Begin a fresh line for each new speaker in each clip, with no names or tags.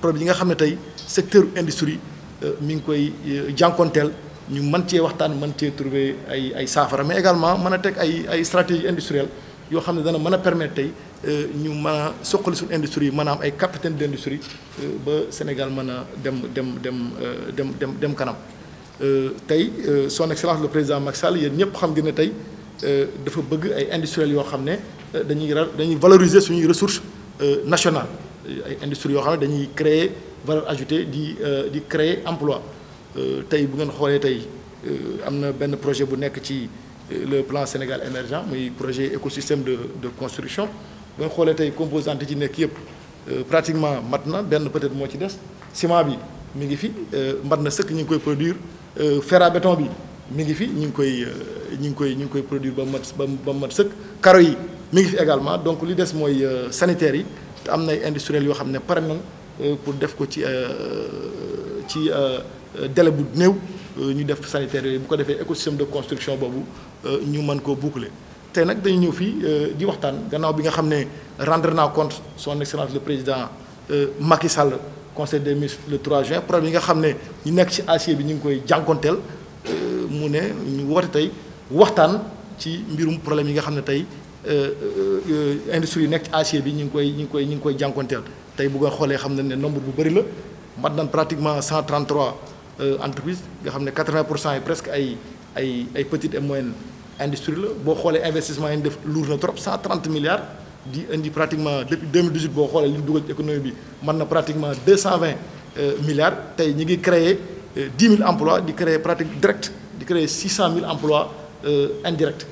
problème yi nga xamné tay secteur industrie euh, mi ngi koy euh, jànkonteel ñu man ci waxtaan man ci trouver ay ay saafara mais également mën tek ay ay stratégie industrielle yo xamné dana mën permettre tey euh, ñu mën a soqali industrie yi am ay capitaine d' industrie ba Sénégal mën dem dem dem dem dem dem kanam tay son excellence le président Macky Sall yéen ñëpp xam ngeen ne tey dafa bëgg ay industriel yo xamné dañuy dañuy valoriser suñu ressources nationales industrie yoo xam ne dañuy créer valeur ajoutée di euh, di créer emploi euh, tey bu ngeen xoolee tey euh, am na benn projet bu nekk ci le plan Sénégal émergent muy projet écosystème de de construction bu ngeen xoolee tey composante ci nekk yëpp pratiquement mat na benn peut-être moo ci des ciment bi mi ngi fi mat na sëkk ñu ngi koy produire fer à béton bi mi ngi fi ñu ngi koy ñu ngi koy ñu ngi koy produire ba mat ba mat sëkk yi mi ngi fi également donc li des mooy sanitaire yi te am na ay yoo xam ne pare nañ euh, pour def ko ci euh, ci euh, délai bu néew ñu def sanitaire yooyu bu ko defee écosystème de construction boobu ñu mën koo boucler. tey nag dañu ñëw fii di waxtaan gannaaw bi nga xam ne rendre naa compte son excellence le président Macky Sall conseil des ministres le 3 juin problème yi nga xam ne ñu nekk ci acier bi ñu ngi koy jànkonteel mu ne ñu woote tey waxtaan ci mbirum problème yi nga xam ne tey. Euh, euh, euh, industrie yu nekk ci acier bi ñu ngi koy ñu ngi koy ñu ngi koy jànkonteel tey bu nga xoolee xam nañ ne nombre bu bëri la mat nañ pratiquement 133 entreprises nga xam ne 80 pour cent yi presque ay ay ay petites et moyennes industrie la boo xoolee investissement yi ñu def lourd na trop milliards di indi pratiquement depuis 2018 boo xoolee li ñu dugal ci économie bi mën na pratiquement 220 milliards tey ñu ngi créer 10 000 emplois di créer pratique direct di créer 600 000 emplois indirects.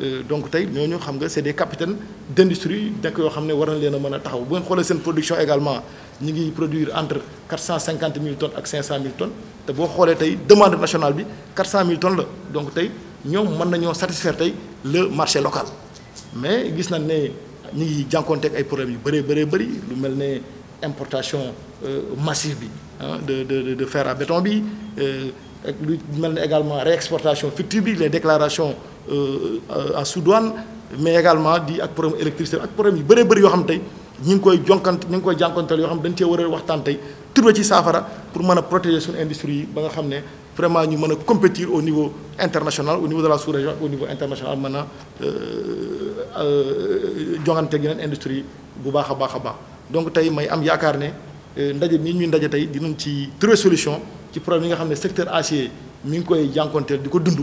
Euh, donc nous sommes c'est des capitaines d'industrie Nous avons yo xamné war leena mëna taxaw bu production également nous produisons entre 450 000 tonnes ak 500 000 tonnes te bo xolé tay demande nationale bi 400 000 tonnes donc nous ñom satisfaire le marché local mais gis nañ né ñi ngi jankonté ak importation euh, massive hein, de, fer à béton bi euh, ak lu également réexportation fictive les déclarations Euh, euh, à Soudan mais également di ak problème électricité ak problème yu bëree bëri yoo xam tey ñi ngi koy jonkante ñi ngi koy jànkonteel yoo xam dañ cee war a waxtaan tey turbe ci saafara pour mën a protéger suñu industrie yi ba nga xam ne vraiment ñu mën a compétir au niveau international au niveau de la sous-région au niveau international mën euh, bu baax a baax a baax donc tey may am yaakaar ne ndaje mii ñuy ndaje tey dinañ ci trouver ci problème yi nga xam ne secteur acier mi ngi koy jànkonteel di ko dund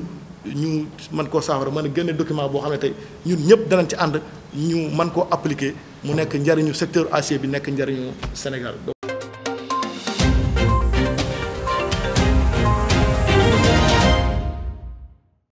ñu mën koo saafara mën a génne document boo xam ne tey ñun ñëpp danañ ci ànd ñu man koo appliquer mu nekk njariñu secteur acier bi nekk njariñu Sénégal